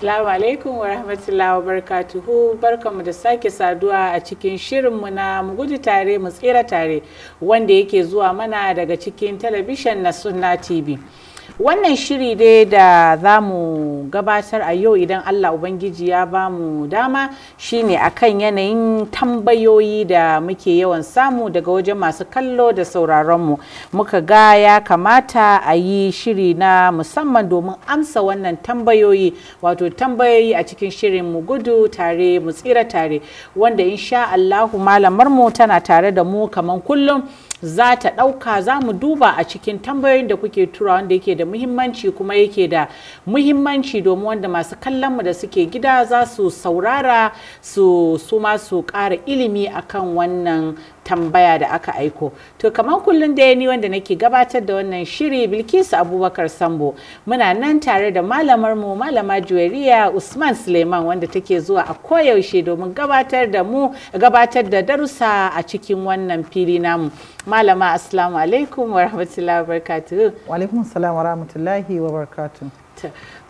Assalamu alaikum wa rahmatullahi wa barakatuhu barkanmu da sake saduwa a cikin shirin mu na mu gudu tare mu tsira tare wanda yake zuwa mana daga cikin talabishin na Sunna TV. wannan shiri dai da za mu gabatar a yau idan allah ubangiji ya ba mu dama shine akan yanayin tambayoyi da muke yawan samu daga wajen masu kallo da sauraronmu muka ga ya kamata a yi shiri na musamman domin amsa wannan tambayoyi wato tambayoyi a cikin shirin mu gudu tare mu tsira tare wanda insha allahu malamarmu tana tare da mu kaman kullum za ta ɗauka za mu duba a cikin tambayoyin da kuke tura wanda yake da muhimmanci kuma yake da muhimmanci domin wanda masu kallonmu da suke gida za su saurara su su ma su ƙara ilimi akan wannan tambaya da aka aiko to kamar kullum da ni wanda nake gabatar da wannan shiri bilkisu abubakar sambo muna nan tare da malamar mu malama juwariya usman suleiman wanda take zuwa a koyaushe domin gabatar da mu gabatar da darussa a cikin wannan fili namu malama assalamu alaikum wa rahmatullahi wa barakatuhu wa alaikum wa rahmatullahi wa barakatuhu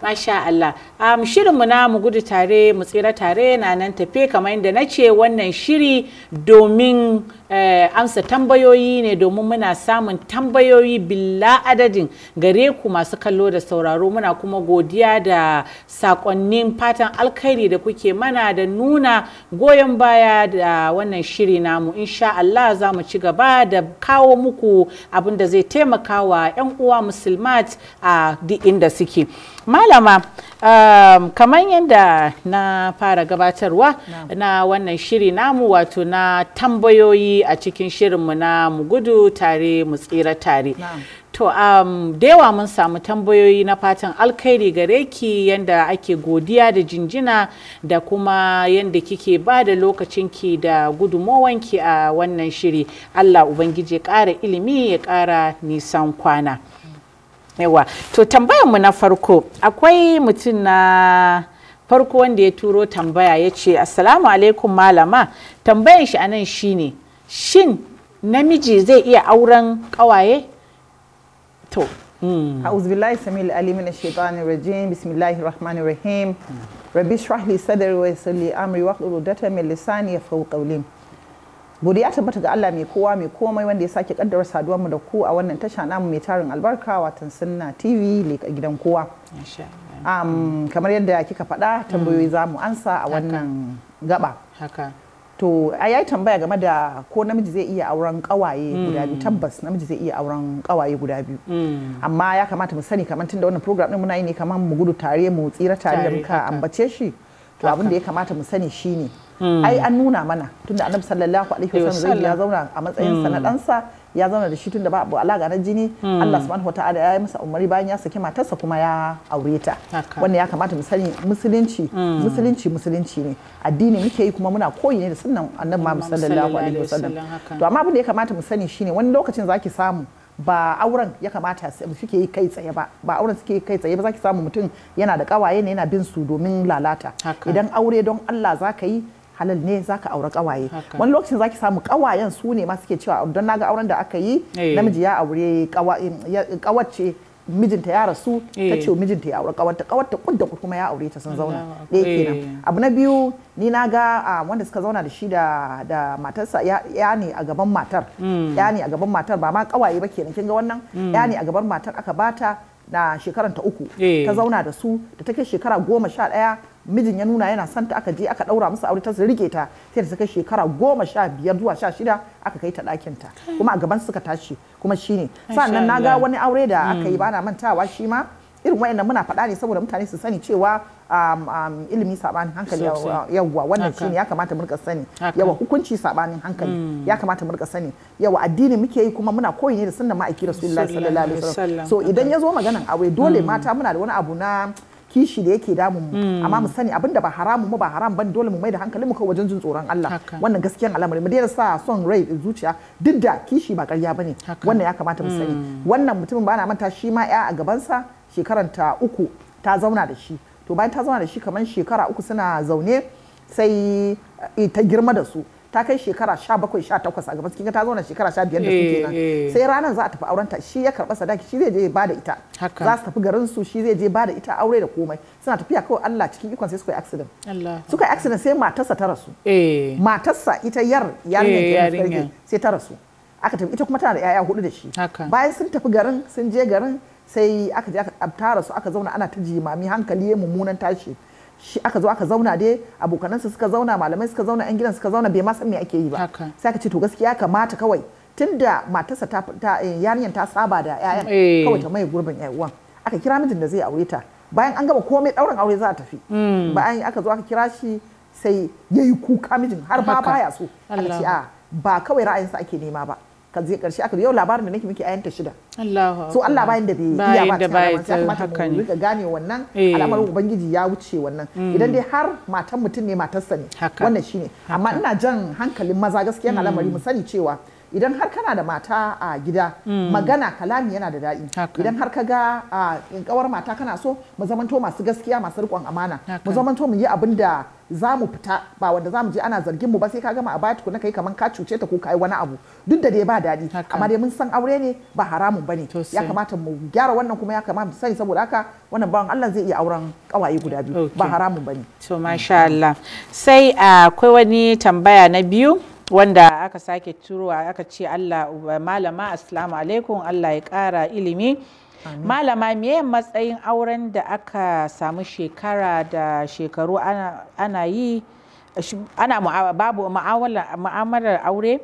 Masha Allah. Um, shirinmu na mu gudu tare mu tsira tare na nan tafe kamar yadda na ce wannan shiri domin eh, amsa tambayoyi ne domin muna samun tambayoyi billa adadin gare ku masu kallo da sauraro muna kuma godiya da sakonnin fatan alkhairi da kuke mana da nuna goyon baya da wannan shiri namu insha Allah za mu ci gaba da kawo muku abin da zai taimaka wa 'yan uwa musulmat a uh, duk inda suke. malama um, kamar yadda na fara gabatarwa na wannan shiri namu wato na tambayoyi a cikin shirinmu na mu gudu tare mu tsira tare To, um, dewa mun samu tambayoyi na fatan alkhairi gare ki yadda ake godiya da jinjina da kuma yadda kike ba da lokacinki da gudumowanki a wannan shiri. Allah Ubangiji ya ƙara ilimi ya ƙara nisan kwana. yawa to mu na farko akwai mutum na farko wanda ya turo tambaya ya ce assalamu alaikum malama tambayan shi anan shine shin namiji zai iya auren kawaye to hmm. a'udzubillahi samil alimin shaitanir rajim bismillahir rahmanir rahim rabbi shrah li sadri wa yassir li amri wa lissani ya fi qawli ya tabbata ga Allah mai kowa mai komai wanda ya sake kaddara saduwar mu da ku a wannan tasha namu mai tarin albarka watan sunna TV leka gidan kowa um, kamar yadda kika faɗa mm. tambayoyi za mu ansa a wannan gaba haka to a yayi tambaya game da ko namiji zai iya auren kawaye mm. guda biyu tabbas namiji zai iya auren kawaye guda biyu mm. amma ya kamata mu sani kamar tunda wannan program din muna yi ne kamar mu gudu tare mu tsira tare da muka ambace shi to abin da ya kamata mu sani shine Hmm. ai an nuna mana tunda annabi sallallahu alaihi wasallam ya zauna a matsayin sa na hmm. ɗansa ya zauna da shi tunda ba abu alaka na jini hmm. Allah subhanahu wataala ya yi masa umari bayan ya saki matarsa kuma ya aure ta wannan ya kamata mu sani musulunci musulunci musulunci ne addini muke yi kuma muna koyi ne da sunnan annabi Muhammad sallallahu alaihi wasallam to amma abin da ya kamata mu sani shine wani lokacin zaki samu ba auren ya kamata suke yi kai tsaye ba ba auren suke yi kai tsaye ba zaki samu mutum yana da kawaye ne yana bin su domin lalata idan aure don Allah zaka yi halal ne zaka aure kawaye wani lokacin zaki samu kawayen su ne ma suke cewa don naga auren da aka yi eh. namiji ya aure kawace mijinta ya rasu eh. ta ce mijinta ya aure kawarta kawarta kudda kuma ya aure ta sun zauna ɗaya eh, kenan abu na biyu ni na wanda suka zauna da shi da da matarsa ya ne a gaban matar mm. ya ne a gaban matar ba ma kawaye ba kenan kin ga wannan mm. ya ne a gaban matar aka bata na shekaranta uku ta zauna da su da take shekara goma sha ɗaya mijin ya nuna yana santa aka je aka daura musu aure ta su rike ta sai da shekara goma sha biyar zuwa sha shida aka kai ta ɗakin ta kuma a gaban suka tashi kuma shine sannan na ga wani aure da aka yi mm. bana mantawa shi ma irin wayannan muna faɗa ne saboda mutane su sani cewa ilimi sabanin hankali yawwa wannan shine ya kamata mu sani yawa hukunci sabanin hankali mm. ya kamata mu sani yawa addini muke yi kuma muna koyi ne da sunnan ma'aiki rasulullahi sallallahu alaihi wasallam so idan ya zo maganan aure dole mm. mata muna da wani abu na kishi da yake damun mu hmm. amma mu sani abinda ba haramun mu ba haram ban dole mu mai da hankali mu wajen jin tsoron Allah wannan gaskiyan al'amari mu daina sa son rai da zuciya duk da kishi ba ƙarya bane wannan ya kamata mu sani hmm. wannan mutumin ba na manta shi ma ya a gabansa ta uku ta zauna da shi to bayan ta zauna da shi kamar shekara uku suna zaune sai eh, ta girma da su ta kai shekara sha bakwai sha takwas a gabas kinga ta zauna shekara sha biyar da suke eh, kenan eh. sai ranar za a tafi auren ta shi ya karɓa sadaki shi zai je ba da ita za su tafi garin su shi zai je ba da ita aure da komai suna tafiya kawai Allah cikin ikon sai suka yi accident suka yi accident sai matarsa ta rasu eh. matarsa ita yar yarinyar sai ta rasu aka tafi ita kuma tana da yaya hudu da shi bayan sun tafi garin sun je garin sai aka je aka tara su aka zauna ana ta jimami hankali ya mummunan tashi shi aka zo aka zauna dai abokanansa suka zauna malamai suka zauna yan gidan suka zauna bai ma san me ake yi ba sai aka ce to gaskiya kamata kawai tunda matarsa ta, ta eh, yarinyar ta saba da yayan eh. kawai ta mai gurbin ƴan aka kira mijin da zai aure ta bayan an gama komai ɗaurin aure za a tafi hmm. bayan aka zo aka kira shi sai yayi kuka mijin har ba baya so aka ce a ba kawai ra'ayinsa ake nema ba ka je karshe aka yau labarin da nake miki ta shida so Allah bayan da bai iya ba ta ya kamata mu rika gane wannan eh. al'amarin ubangiji ya wuce wannan mm. idan dai har matan mutum ne matarsa ne wannan shine amma ina jan hankalin maza gaskiya al'amari mm. mu sani cewa idan har kana da mata a gida mm. magana kalami yana da daɗi idan har ka ga in kawar mata kana so mu zamanto masu gaskiya masu rikon amana mu zamanto mu yi abin da za mu fita ba wanda za mu je ana zargin mu ba sai ka gama a baya tukuna kai kaman ka cuce ta ko ka yi wani abu duk da dai ba daɗi amma dai mun san aure ne ba haramun bane ya kamata mu gyara wannan kuma ya kamata mu sani saboda haka wannan bawan Allah zai iya auren kawaye guda biyu ba haramun bane to masha Allah sai akwai wani tambaya na biyu wanda aka sake turowa aka ce Allah malama assalamu alaikum Allah ya kara ilimi malama me matsayin auren da aka samu shekara da shekaru ana yi ana babu ma'amalar aure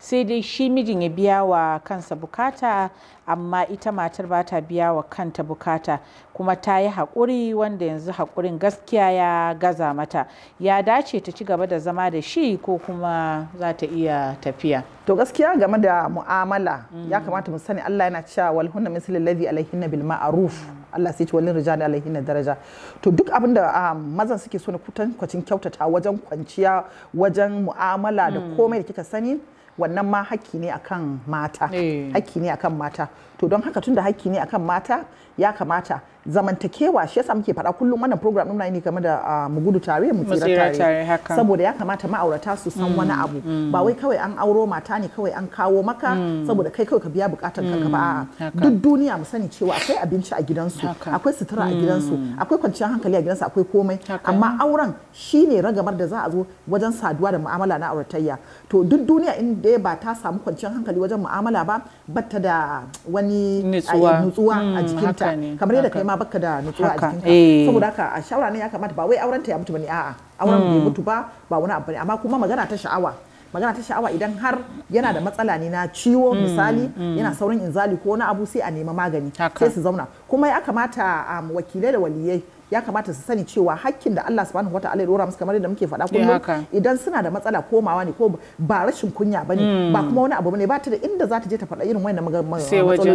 sai dai shi mijin ya biya wa kansa bukata amma ita matar ba ta biya wa kanta bukata kuma ta yi haƙuri wanda yanzu haƙurin gaskiya ya gaza mata ya dace ta ci gaba da zama da shi ko kuma za ta iya tafiya to gaskiya game da mu'amala mm. ya kamata mu sani Allah yana cewa walhunna hunna misli alladhi alaihinna bil ma'ruf mm. Allah sai ci walin rijali na daraja to duk abin da ah, mazan suke so na kutan kwacin kyautata wajen kwanciya wajen mu'amala da mm. komai da kika sani wannan ma hakki ne akan mata eh. hakki ne akan mata to don haka tunda hakki ne akan mata ya kamata zamantakewa shi yasa muke faɗa kullum wannan program ɗin ne game da ah, mu gudu tare mu tsira tare saboda ya kamata ma'aurata su san wani mm, abu mm. ba wai kawai an auro mata ne kawai an kawo maka mm. saboda kai kawai ka biya bukatan ka ba duk duniya mu sani cewa akwai abinci a gidansu akwai sutura a gidansu akwai kwanciyar hankali a gidansu akwai komai amma auren shine ragamar da za a zo wajen saduwa da mu'amala na auratayya to duk duniya in dai ba ta samu kwanciyar hankali wajen mu'amala ba batta da wani nutsuwa a jikinta kamar yadda kai ma baka da nutsuwa a jikinka eh. saboda haka a shawara ne ya kamata ba wai auren ta ya mutu bane a'a auren bai mm. mutu ba ba wani abu bane amma kuma magana ta sha'awa magana ta sha'awa idan har yana da matsala ne na ciwo mm, misali mm. yana saurin inzali ko na abu sai a nema magani sai su zauna kuma ya kamata um, wakilai da waliyai ya kamata su sani cewa hakkin da Allah subhanahu wa Ta'ala ya dora musu kamar yadda muke faɗa kullum idan suna da matsala komawa ne ko ba rashin kunya bane hmm. ba kuma wani abu bane ba ta da inda za ta je ta faɗa irin wayannan matsaloli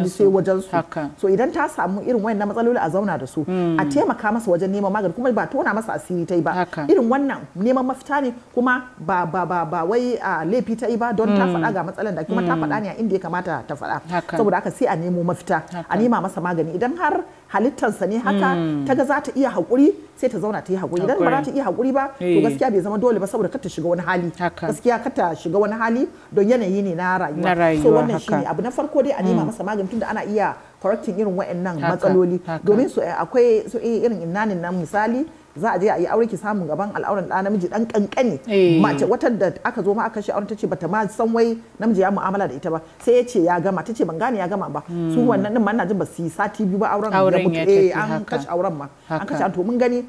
sai wajen su so idan ta samu irin wayannan matsaloli a zauna da su a hmm. taimaka masa wajen neman magani kuma ba tona masa asiri ta yi ba irin wannan neman mafita ne kuma ba ba ba ba wai a laifi ta yi ba don ta hmm. faɗa ga matsalan da kuma ta faɗa ne a inda ya kamata ta faɗa saboda haka sai a nemo mafita a nema masa magani idan har halittarsa ne haka hmm. ta ga za ta iya haƙuri sai ta zauna ta yi haƙuri idan ba za ta iya haƙuri ba to eh. gaskiya bai zama dole ba saboda ka ta shiga wani hali gaskiya ka ta shiga wani hali don yanayi ne na rayuwa so wannan shine abu na farko dai a nema hmm. masa magani tunda ana iya correcting irin waɗannan matsaloli domin su eh, akwai su eh, irin innanin nan misali za a je a yi aure ki samun gaban al'auran da namiji dan kankani eh. mace wata da aka zo ma aka shi auren tace bata ma san wai namiji ya mu'amala da ita ba sai ya ce ya gama tace ban gane ya gama ba su hmm. wannan din ma ina jin ba su sati biyu ba auren ya mutu eh an kashe auren ma an kashe to mun gani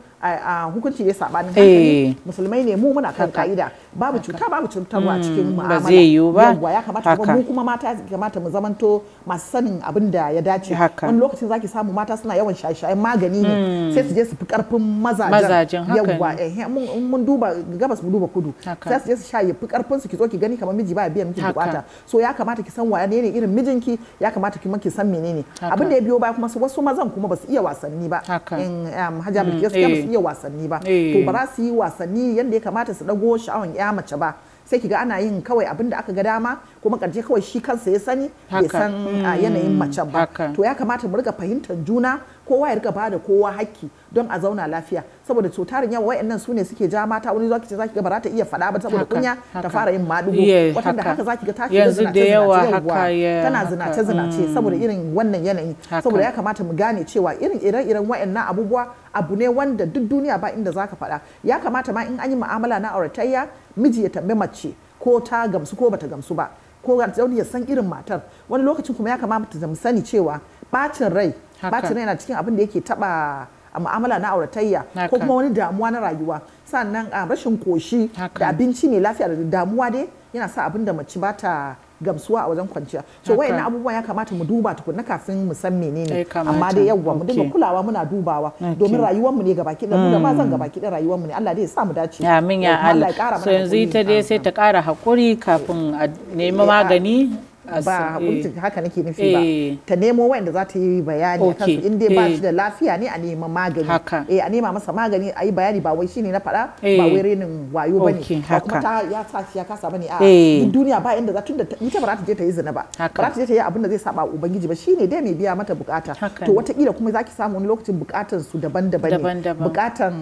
hukunci ya sabanin hankali eh. musulmai ne mu muna kan ka'ida babu cuta babu cutarwa a cikin hmm, mu'amala ba zai yiwu ba ya kamata mu kuma mata kamata mu zamanto masu sanin abin da ya dace wani lokacin zaki samu mata suna yawan shaye-shayen magani ne hmm. sai su je su fi karfin maza mazajen yawa eh mun duba gabas mu duba kudu sai su je su sha yafi karfin su ki zo ki gani kamar miji ba biya miki bukata so ya kamata ki san waye ne irin mijinki ya kamata ki maki san menene abin da ya biyo baya kuma wasu mazan kuma ba su iya wasanni ba in um, hajja mm, bilkis ba su eh. iya wasanni ba eh. to ba za su yi wasanni yanda ya kamata su dago sha'awan ya mace ba sai kiga ana yin kawai abin da aka ga dama kuma karshe kawai shi kansa ya sani ya san uh, yanayin mm, mace ba to ya kamata mu riga fahimtar juna kowa ya rika ba da kowa hakki don a zauna lafiya saboda so tarin yawa wayannan su ne suke ja mata wani zaki ce zaki ga barata ta iya faɗa ba saboda kunya ta fara yin madugo watan da haka zaki ga ta shiga zinace zinace tana zinace zinace mm. saboda irin wannan yanayi saboda ya kamata mu gane cewa irin ire-iren wayannan abubuwa abu ne wanda duk duniya ba inda zaka faɗa ya kamata ma in an yi mu'amala na auratayya miji ya tambaye mace ko ta gamsu ko bata gamsu ba ko ya san irin matar wani lokacin kuma ya kamata mu sani cewa bacin rai bacin yana cikin abin da yake taba a mu'amala na auratayya ko kuma wani damuwa na rayuwa sannan a ah, rashin koshi da abinci mai lafiya da damuwa dai yana sa abin da mace ba ta gamsuwa a wajen kwanciya so wayan abubuwa ya kamata mu duba tukunna kafin mu san menene eh, amma dai yawwa mu dinga kulawa muna dubawa domin rayuwar mu ne gabaki da mu da mazan mm. gabaki da rayuwar mu ne Allah dai ya sa mu dace amin ya Allah so yanzu ita dai sai ta kara hakuri kafin a nemi eh, magani ba eh. haka nake nufi ba eh. ta nemo wanda za ta yi bayani a su in dai ba eh. shi da lafiya ne a nema magani eh a nema masa magani a yi bayani ba wai shine na faɗa ba wai renin wayo bane ba kuma ta ya sa shi ya kasa bane a duk duniya ba inda za tun da ita ba za ta je ta yi zina ba ba za ta je ta yi abin da zai saba ubangiji ba shine dai mai biya mata bukata to watakila kuma zaki samu wani lokacin bukatan su daban-daban ne bukatan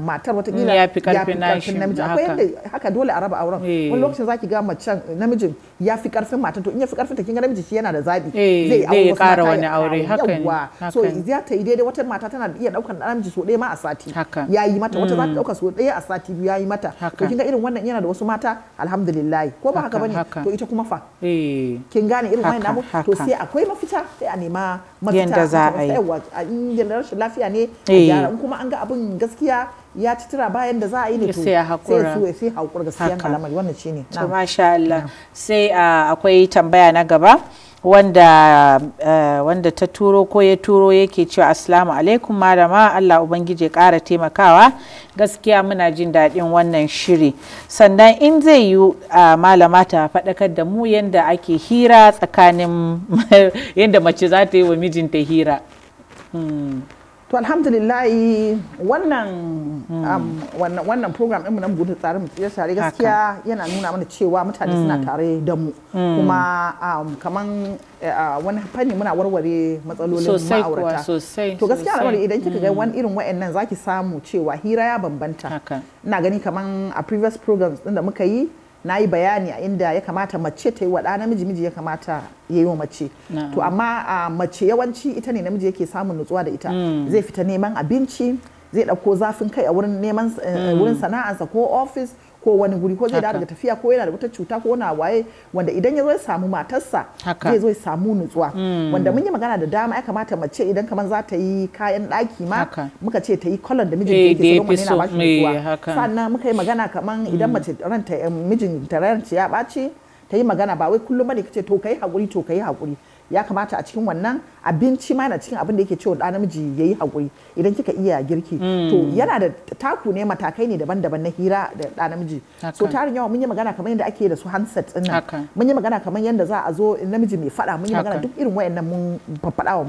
matar watakila mm, ya fi karfin namiji akwai yadda haka dole a raba auren wani lokacin zaki ga macen namijin ya fi karfin matar to in ya fi karfinta kin ga namiji shi yana da zabi eh, zai yi wasu mata wani aure haka ne so za ta yi daidai wata mata tana iya daukan namiji so ɗaya ma a sati ya yi mata wata za ta dauka mm. so ɗaya a sati biyu ya yi mata to kin ga irin wannan yana da wasu mata alhamdulillah ko ba haka bane to ita kuma fa eh. kin gane irin wannan namu to sai akwai mafita sai a nema mafita yanda za a yi in rashin lafiya ne a eh. gyara kuma an ga abin gaskiya ya ci tura bayan da za a yi ne sai hakura sai sai hakura sayan kalamar wannan ne to masha Allah sai akwai tambaya na gaba wanda ta turo ko ya turo yake cewa assalamu alaikum malama Allah ubangiji ya ƙara taimakawa gaskiya muna jin daɗin wannan shiri sannan in zai yi a malama ta faɗakar da mu yadda ake hira tsakanin yadda mace za ta yi wa mijinta hira hmm. to alhamdulillahi hmm. wannan wannan program ɗinmu na gudu tsarin mu tsiyar tare gaskiya yana nuna mana cewa mutane suna hmm. tare da mu hmm. kuma kaman eh, wani fanni muna warware matsalolin ma'aurata to gaskiya al'amari idan kika ga wani irin wa'annan zaki samu cewa hira ya bambanta ina gani kaman a previous programs ɗin da muka yi na yi bayani a inda ya kamata mace ta yi wa namiji miji ya kamata ya yi wa mace to amma a mace yawanci ita ne namiji yake samun nutsuwa da ita hmm. zai fita neman abinci zai ɗauko zafin kai a wurin neman eh, hmm. wurin ko office ko wani guri ko zai dawo daga tafiya ko yana da wata cuta ko wani waye wanda idan ya zo ya samu matarsa zai zo ya samu nutsuwa hmm. wanda mun yi magana da dama ya kamata mace idan kamar za ta yi kayan ɗaki ma muka ce ta yi kolon da mijin da eh, yake so yana ba shi nutsuwa sannan muka yi magana kamar idan hmm. mace ranta mijin ta ya baci ta yi magana ba wai kullum bane kace to kai hakuri to kai hakuri ya kamata a cikin wannan abinci ma na cikin abin da yake cewa da namiji yayi hakuri idan kika iya girki mm. to yana da taku ne matakai ne daban-daban na hira da da namiji so tarin yawa mun yi magana kamar yadda ake da su handset ina nan mun yi magana kamar yadda za a zo namiji mai faɗa mun yi magana duk irin wayannan mun faɗa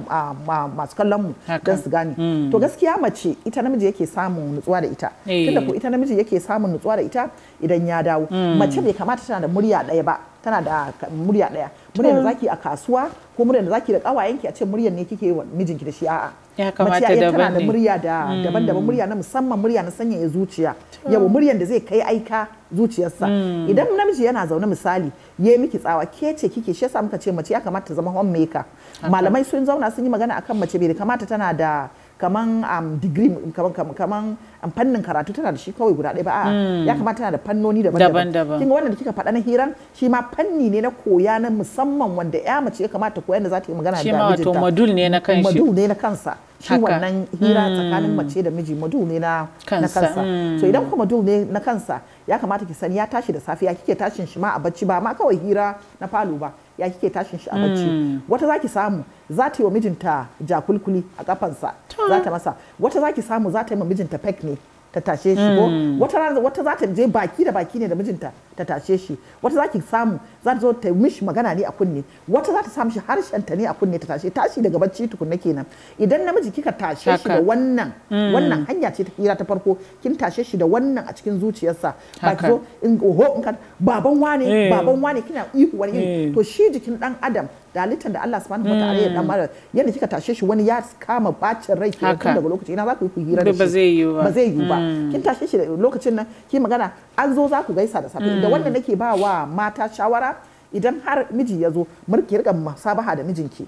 wa masu kallon mu don su gane mm. to gaskiya mace ita namiji yake samun nutsuwa da ita eh. tunda ko ita namiji yake samun nutsuwa da ita idan ya dawo mm. mace bai kamata tana da murya ɗaya ba tana da murya daya muryar da zaki a kasuwa ko muryar da zaki da kawayenki a ce muryar ne kike wa mijinki da shi a'a ya kamata daban tana da murya da mm. daban-daban murya na musamman murya na sanyaya zuciya yawa muryan da zai kai aika zuciyarsa mm. idan namiji yana zaune misali ya miki tsawa ke ce kike shi yasa muka ce mace ya kamata ta zama homemaker malamai sun zauna sun yi magana akan mace bai kamata tana da kaman um, degree kaman kaman um, fannin karatu tana da shi kawai guda ɗaya ba a hmm. ya kamata tana da fannoni daban-daban kinga wannan da kika faɗa na hiran shi ma fanni ne na koya na musamman wanda ya mace ya kamata koya da za ta yi magana da mijinta shi ma modul ne na kanshi modul ne na kansa shi wannan hira hmm. tsakanin mace da miji modul ne na kansa so hmm. idan kuma modul ne na kansa ya kamata ki sani ya tashi da safiya kike tashin shi ma a bacci ba ma kawai hira na falo ba ya kike tashin shi a bacci hmm. wata zaki samu za ta yi wa mijinta jakulkuli a kafansa za ta masa wata zaki samu za ta yi wa mijinta pek ne ta tashe shi ko hmm. wata wata za ta je baki da baki ne da mijinta ta tashe shi wata za ki samu za ta zo ta mishi magana ne a kunne wata za ta samu shi harshen ta ne a kunne ta tashe tashi daga bacci tukunna kenan idan namiji kika tashe shi da wannan hmm. wannan hanya ce ta kira ta farko kin tashe shi da wannan a cikin zuciyarsa ba ki zo in oho in ka baban wane eh. baban wane kina ihu wani eh. to shi jikin dan adam dalitan da Allah subhanahu ta'ala ya dan hmm. yadda kika tashe shi wani ya kama bacin rai ke tun daga lokaci ina za ku yi hira da shi ba zai yiwu ba hmm. kin tashe shi lokacin nan ki magana an zo za ku gaisa da safe da hmm. wannan nake ba wa mata shawara idan har miji ya zo murki rika musabaha da mijinki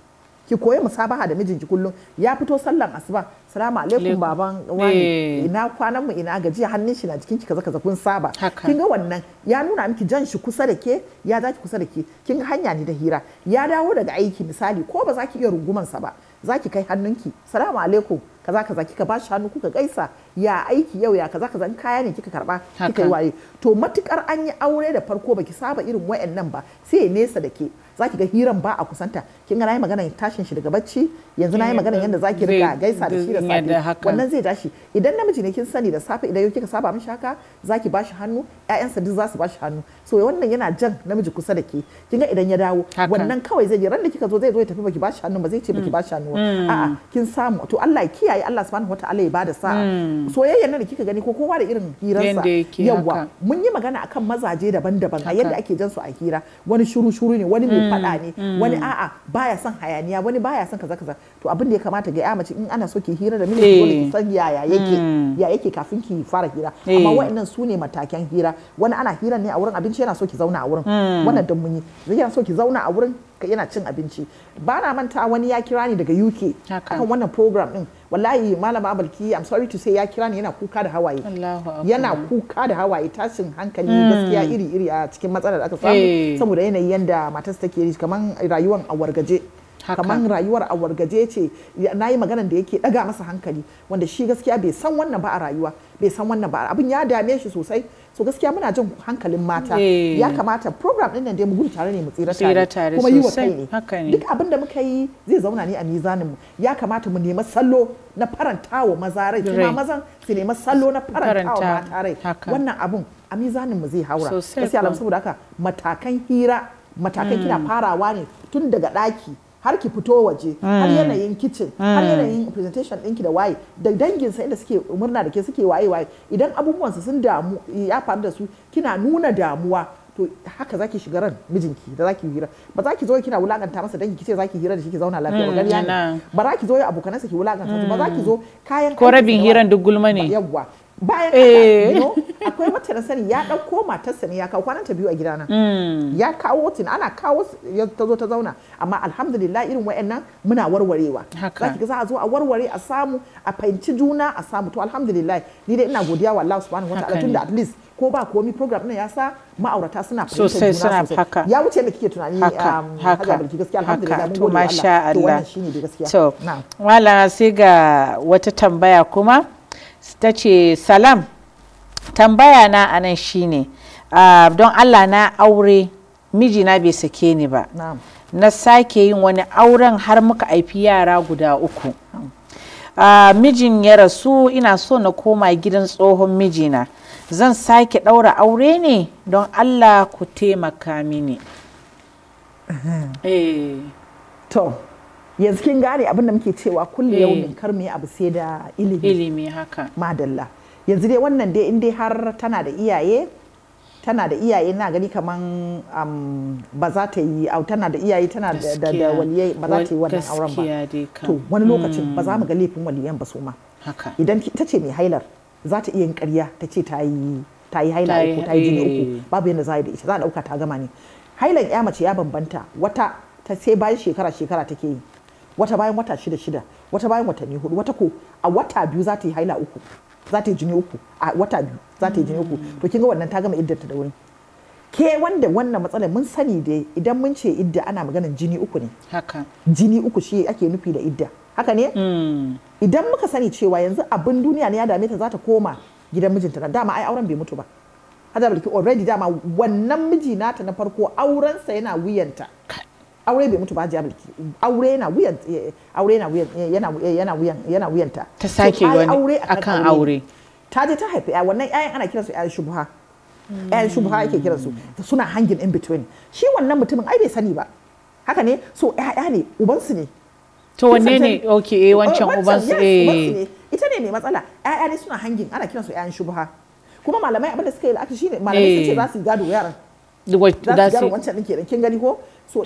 ki koyi musabaha da mijinki kullum ya fito sallan asuba salamu alaikum baban wani eh. ina kwanan mu ina gajiya hannun shi na jikin ki kaza kaza kun saba kin ga wannan ya nuna miki jan shi kusa da ke ya za ki kusa da ke kin ga hanya ne da hira ya dawo daga aiki misali ko ba za ki iya rungumansa ba za ki kai hannunki salamu alaikum kaza kaza kika ba shi hannu kuka gaisa ya aiki yau ya kaza kaza in kaya ne kika karba kika yi waye to matukar an yi aure da farko baki saba irin wayannan ba sai nesa da ke zaki ga hiran ba a kusanta kin ga nayi magana tashin shi daga bacci yanzu nayi eh, magana yanda zaki riga gaisa da shi da safe wannan zai tashi idan namiji ne kin sani da safe idan kika saba mishi haka zaki bashi hannu ƴaƴansa duk za su bashi hannu so wannan yana jan namiji kusa da ke kin ga idan ya dawo wannan kawai zai je ran da kika zo zai zo ya tafi baki shi hannu ba zai ce baki mm. shi hannu mm. a'a kin samu to Allah ya kiyaye yi Allah subhanahu wataala ya bada sa'a hmm. soyayya nan da kika gani ko kowa da irin hirarsa yawa mun yi magana akan mazaje daban-daban a yadda ake jan su a hira wani shuru shuru ne wani mai hmm, fada ne hmm. wani a'a baya son hayaniya wani baya son kaza kaza to abin da ya kamata ga ya mace in ana so ki hira da mini dole ki eh. san yaya yake ya yake kafin ki fara hira eh. amma wa'annan su ne matakan hira wani ana hira ne a wurin abinci yana so ki zauna a wurin wannan dan mun yi yana so ki zauna a wurin yana cin abinci ba na manta wani ya kira ni daga UK akan wannan program din wallahi malama balki i'm sorry to say ya kira ni yana kuka da hawaye yana kuka da hawaye tashin hankali hmm. gaskiya iri iri a cikin matsalar da aka samu eh. saboda yanayi yanda matarsa take kaman rayuwar awargaje kaman rayuwar awargaje ce na yi maganan da yake daga masa hankali wanda shi gaskiya bai san wannan ba a rayuwa bai san wannan ba abin ya dame shi sosai so gaskiya muna jin hankalin mata eh. ya kamata program din nan dai mu gudu tare ne mu tsira tare kuma yi wa kai ne duk abin da muka yi zai zauna ne a mizanin mu ya kamata mu nemi sallo na farantawa maza rai kuma mazan su nema sallo na farantawa mata rai wannan abun a mizanin mu zai haura gaskiya saboda haka matakan hira matakan kina mm. farawa ne tun daga daki har ki fito waje har eh. yanayin kitchen har eh. yanayin presentation ɗinki da waye da dangin sa inda suke murna da ke suke waye waye idan abubuwan sun damu ya faru da su kina nuna damuwa to haka zaki shiga ran mijinki da zaki hira ba zaki zo kina wulakanta masa danki kice zaki hira da shi ki zauna lafiya ba hmm, gariya ba zaki zo ya abokanansa ki wulakanta ba zaki hmm. zo kayan ko rabin hiran duk gulma ne yawwa bayan eh. haka akwai wata na sani ya dauko matarsa sani ya kawo kwanan ta biyu a gidana mm. ya kawo tin ana kawo ta zo ta zauna amma alhamdulillah irin wayannan muna warwarewa za ki za a zo a warware a samu a fahimci juna a samu to alhamdulillah ni dai ina godiya wa Allah subhanahu wataala da at least ko ba komi program din ya sa ma'aurata suna fahimtar juna sosai ya wuce da kike tunani haka um, haka gaskiya alhamdulillah mun gode Allah to wannan shine gaskiya to wala sai ga wata tambaya kuma ta ce salam tambaya na anan shine uh, ah, don allah na aure mijina bai sake ni ba na sake yin wani auren har muka haifi yara guda uku uh, mijin ya rasu ina so na koma gidan tsohon mijina zan sake ɗaura aure ne don allah ku taimaka mini eh. to yanzu kin gane abin da muke cewa kullu eh. yaumin kar mu yi abu sai da ilimi ilimi haka madalla yanzu dai wannan dai in dai har tana da iyaye tana da iyaye na gani kaman um, ba za ta yi au tana da iyaye tana da, da, da waliyai ba za ta yi wannan auren ba to wani lokacin hmm. ba za mu ga laifin waliyan ba su ma idan ta ce mai hailar za ta iya yin karya ta ce ta yi ta yi haila uku ta yi jini uku eh. babu yadda za a yi da ita za a ɗauka ta gama ne hailan ya mace ya bambanta wata ta sai bayan shekara shekara take yi wata bayan wata shida shida wata bayan watanni hudu wata ko a wata biyu za ta yi haila uku za ta yi jini uku a wata biyu za ta yi jini uku to kin ga wannan ta gama iddata da wuri ke wanda wannan matsalar mun sani da idan mun ce idda ana maganin jini uku ne haka jini uku shi ake nufi da idda haka ne hmm. idan muka sani cewa yanzu abin duniya ne ya dame ta za ta koma gidan mijinta dama ai auren bai mutu ba hada already dama wannan miji nata na farko aurensa yana wuyanta aure bai mutu ba hajiya bilki aure yana wuyan aure yana wuyan yana wuyan yana wuyanta ta sake wani akan aure ta je ta haifi a wannan ƴaƴan ana kiransu ƴaƴan shubha ƴaƴan shubha ake kiransu suna hangin in between shi wannan mutumin ai bai sani ba haka ne so ƴaƴa ne ubansu ne to wanne ne okay eh wancan oh, ubansu eh ita ne mai matsala ƴaƴa ne suna hangin ana kiransu ƴaƴan shubha kuma malamai abinda suka yi la'akari shine malamai sun ce eh. za su gado yaran za su wancan ɗin kenan ko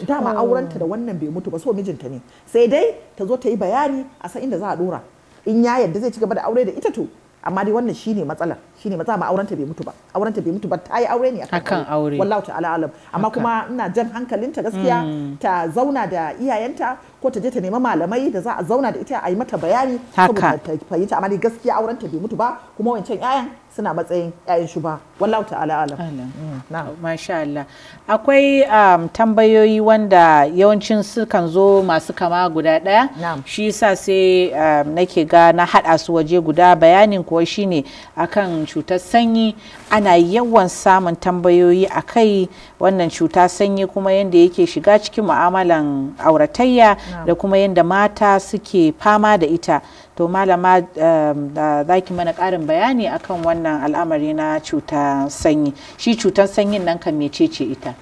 dama oh. aurenta da wannan bai mutu ba so mijinta ne sai dai ta zo ta yi bayani a san inda za a dora in ya yadda zai ci gaba da aure da ita to amma dai wannan shine matsalar shine matsala ma aurenta bai mutu ba aurenta bai mutu ba ta yi aure ne akan aure wallahu ta'ala alam amma kuma ina jan hankalinta gaskiya hmm. ta zauna da iyayenta ko ta je ta nema malamai da za a zauna da ita a yi mata bayani saboda ta fahimta amma dai gaskiya aurenta bai mutu ba kuma wancan yayan suna matsayin 'ya'yan shi ba wallahu ta'ala alam mm, masha Allah akwai um, tambayoyi wanda yawancin su kan zo masu kama guda ɗaya shi yasa sai um, nake ga na haɗa su waje guda bayanin kuwa shine akan cutar sanyi ana yawan samun tambayoyi a kai wannan cuta sanyi kuma yadda yake shiga cikin mu'amalan auratayya da kuma yadda mata suke fama da ita to malama um, za ki mana karin bayani akan wannan al'amari na cuta sanyi shi cutar sanyin nan kan ce ita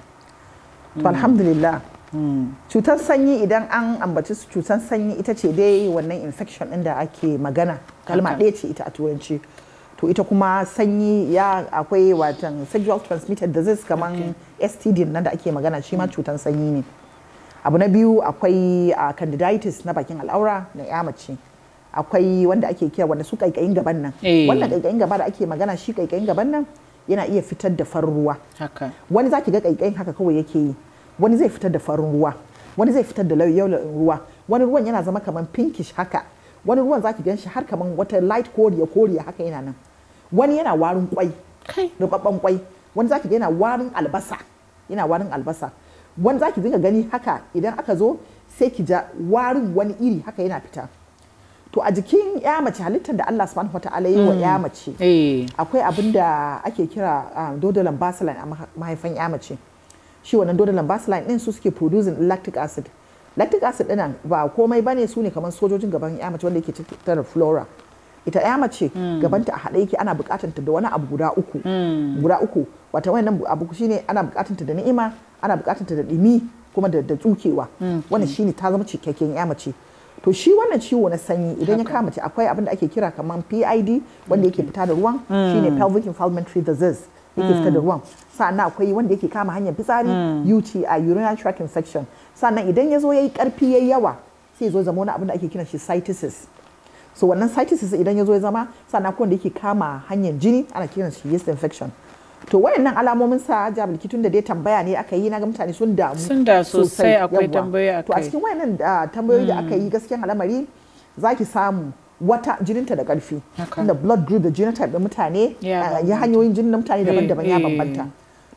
alhamdulillah hmm. cutar sanyi idan an ambaci cutar sanyi ita ce dai wannan infection din da ake magana kalma ɗaya ce ita a turanci to ita kuma sanyi ya akwai watan sexual transmitted disease kaman std nan da ake magana shi ma hmm. cutar sanyi ne abu na biyu akwai ah, candiditis na bakin al'aura na ya mace akwai wanda ake kira wanda su kaikayin gaban nan eh. wannan kaikayin gaba da ake magana shi kaikayin gaban nan yana iya fitar da farin ruwa wani zaki ga kaikayin haka kawai yake yi wani zai fitar da farin ruwa wani zai fitar da lauyoyin ruwa wani ruwan yana zama kaman pinkish haka wani ruwan zaki gan shi har kamar wata light koriya koriya haka yana nan wani yana warin kwai rubabban kwai wani zaki ga yana warin albasa yana warin albasa wani zaki dinga gani haka idan aka zo sai ki ja warin wani iri haka yana fita to a jikin ya mace halittar da Allah subhanahu wataala yi wa ya mm. mace eh. akwai abin da ake kira ah, dodolan basaline a mahaifan ya mace shi wannan dodolan basaline din su suke producing lactic acid lactic acid din ba komai bane su ne kamar sojojin gaban ya mace wanda yake cikin flora ita ya mace mm. gabanta a haɗe yake ana buƙatar ta da wani abu guda uku mm. guda uku wata wannan abu shine ana buƙatar ta da ni'ima ana buƙatar ta da dimi kuma da tsukewa wannan shine ta zama cikakken ya mace to shi wannan ciwo na sanyi idan ya kama ce akwai abin da ake kira kamar PID wanda yake mm. fita da ruwan shine mm. pelvic inflammatory disease yake fita da mm. ruwan sannan akwai wanda yake kama hanyar fitsari UTI urinary tract infection sannan idan ya zo ya yi karfi ya yawa sai zo zama wani abin da ake kiran shi Cytosis. so wannan Cytosis idan ya zo ya zama sannan akwai wanda yake kama hanyar jini ana kiran shi yeast infection to wayannan alamomin sa ja bilki da dai tambaya ne aka yi na ga mutane sun damu sun da sosai akwai tambaya akai to a cikin wayannan ah, tambayoyi da aka yi hmm. gaskiyan al'amari zaki samu wata jininta da karfi inda blood group da genotype da mutane ya eh, hanyoyin jinin mutane daban-daban ya eh, eh. bambanta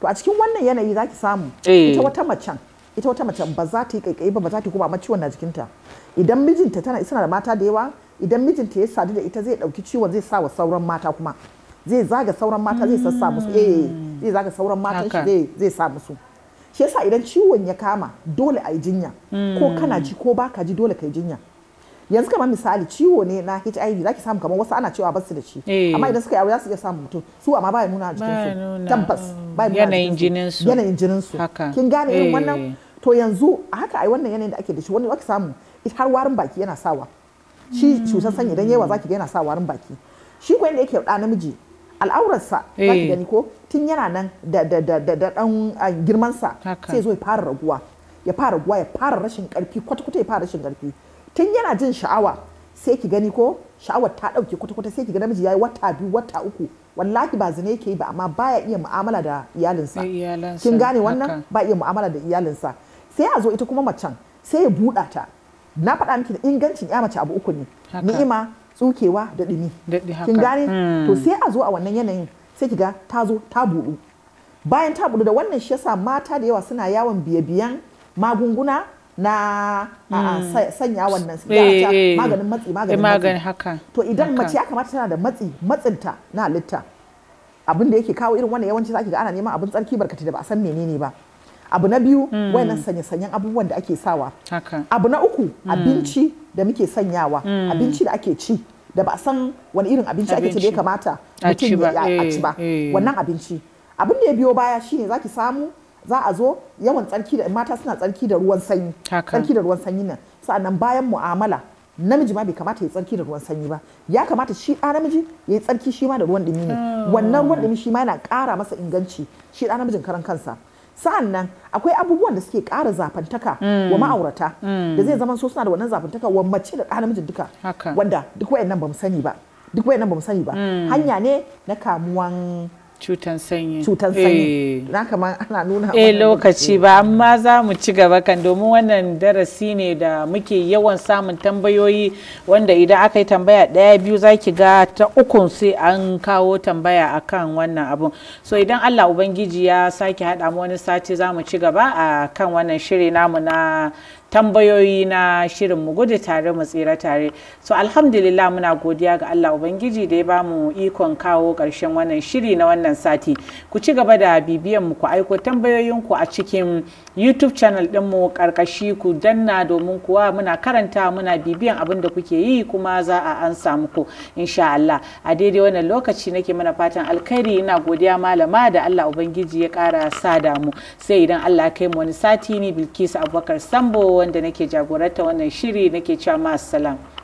to a cikin wannan yanayi zaki samu ita wata macen ita wata macen ba za ta yi kaikai ba ba za ta kuma ma ciwon na jikinta idan mijinta tana da mata da yawa idan mijinta ya sadu da ita zai dauki ciwon zai sa wa sauran mata kuma zai zaga sauran mata zai sassa musu mm. eh zai zaga sauran mata shi zai sa musu shi yasa idan ciwon ya kama dole a yi jinya ko mm. kana ji ko baka ji dole ka yi jinya yanzu kamar misali ciwo ne na HIV zaki samu kamar wasu ana cewa basu da shi eh. amma idan suka yi aure za su iya samu mutum su amma bai nuna jikin su tabbas bai nuna yanayin jinin su yanayin jinin su kin gane irin eh. wannan to yanzu a haka ai wannan yanayin da ake da shi wani zaki samu har warin baki yana sawa shi mm. cutar sanyi idan yawa zaki ga yana sa warin baki shi ko yanda yake da namiji al'aurarsa ba ki eh. gani ko tun yana nan da dan girmansa sai zo ya fara raguwa ya fara raguwa ya fara rashin karfi kwata-kwata ya fara rashin karfi tun yana jin sha'awa sai ki gani ko sha'awar ta dauke kwata-kwata sai ki ga namiji yayi wata biyu wata uku wallahi ba zina yake yi ba amma baya iya mu'amala da iyalinsa kin gane wannan ba iya mu'amala da iyalinsa sai a zo ita kuma macen sai ya buɗa ta na faɗa miki da ingancin ya mace abu uku ne ni'ima tsukewa da ɗumi kin gane to hmm. sai a zo a wannan yanayin sai ki ga ta zo ta buɗu bayan ta buɗu da wannan shi yasa mata da yawa suna yawon biye-biyen magunguna na hmm. sanya wannan eh, eh. maganin matsi maganin eh, matsi to idan mace ya kamata tana da matsi matsinta na halitta abin da yake kawo irin wannan yawanci zaki ga ana neman abin tsarki barkati da ba a san menene ba abu na biyu mm. wayannan sanya-sanyan abubuwan da ake sawa abu na uku hmm. abinci da muke sanyawa mm. abinci da ake ci da ba san wani irin abinci ake ci da kamata mutum ya ci ba eh, eh. wannan abinci abin da ya biyo baya shine zaki samu za a zo yawan tsarki da mata suna tsarki da ruwan sanyi tsarki da ruwan sanyi nan sa'annan bayan mu'amala namiji ma bai kamata ya tsarki da ruwan sanyi ba ya kamata shi ɗa namiji ya yi tsarki shi ma da ruwan ɗumi ne oh. wannan ruwan ɗumi shi ma yana ƙara masa inganci shi ɗa namijin karan kansa sa'an nan akwai abubuwan da suke ƙara zafantaka mm. wa ma'aurata mm. da zai zama so suna da wannan zafantaka wa mace da ɗa namijin duka wanda duk wayannan ba duk wayannan ba mu sani ba mm. hanya ne na kamuwan cutan sanyi cutan sanyi eh. na kama ana nuna eh lokaci ba amma za mu ci gaba kan domin wannan darasi ne da muke yawan samun tambayoyi wanda idan aka yi tambaya ɗaya biyu za ki ga ta ukun sai an kawo tambaya akan wannan abun so idan Allah ubangiji ya sake haɗa mu wani sati za mu ci gaba a kan wannan shiri namu na tambayoyi na shirin mu gudu tare mu tsira tare so alhamdulillah muna godiya ga Allah ubangiji da ya bamu ikon kawo karshen wannan shiri na wannan sati ku ci gaba da bibiyan mu ku aiko tambayoyin ku a cikin YouTube channel din mu karkashi ku danna domin kuwa muna karanta muna bibiyan abin da kuke yi kuma za a ansa muku insha Allah a daidai wannan lokaci nake mana fatan alkhairi ina godiya malama da Allah ubangiji ya ƙara sada mu sai idan Allah kai mu wani sati ni Bilkisu Abubakar Sambo wanda nake jagoranta wannan shiri nake cewa ma assalam.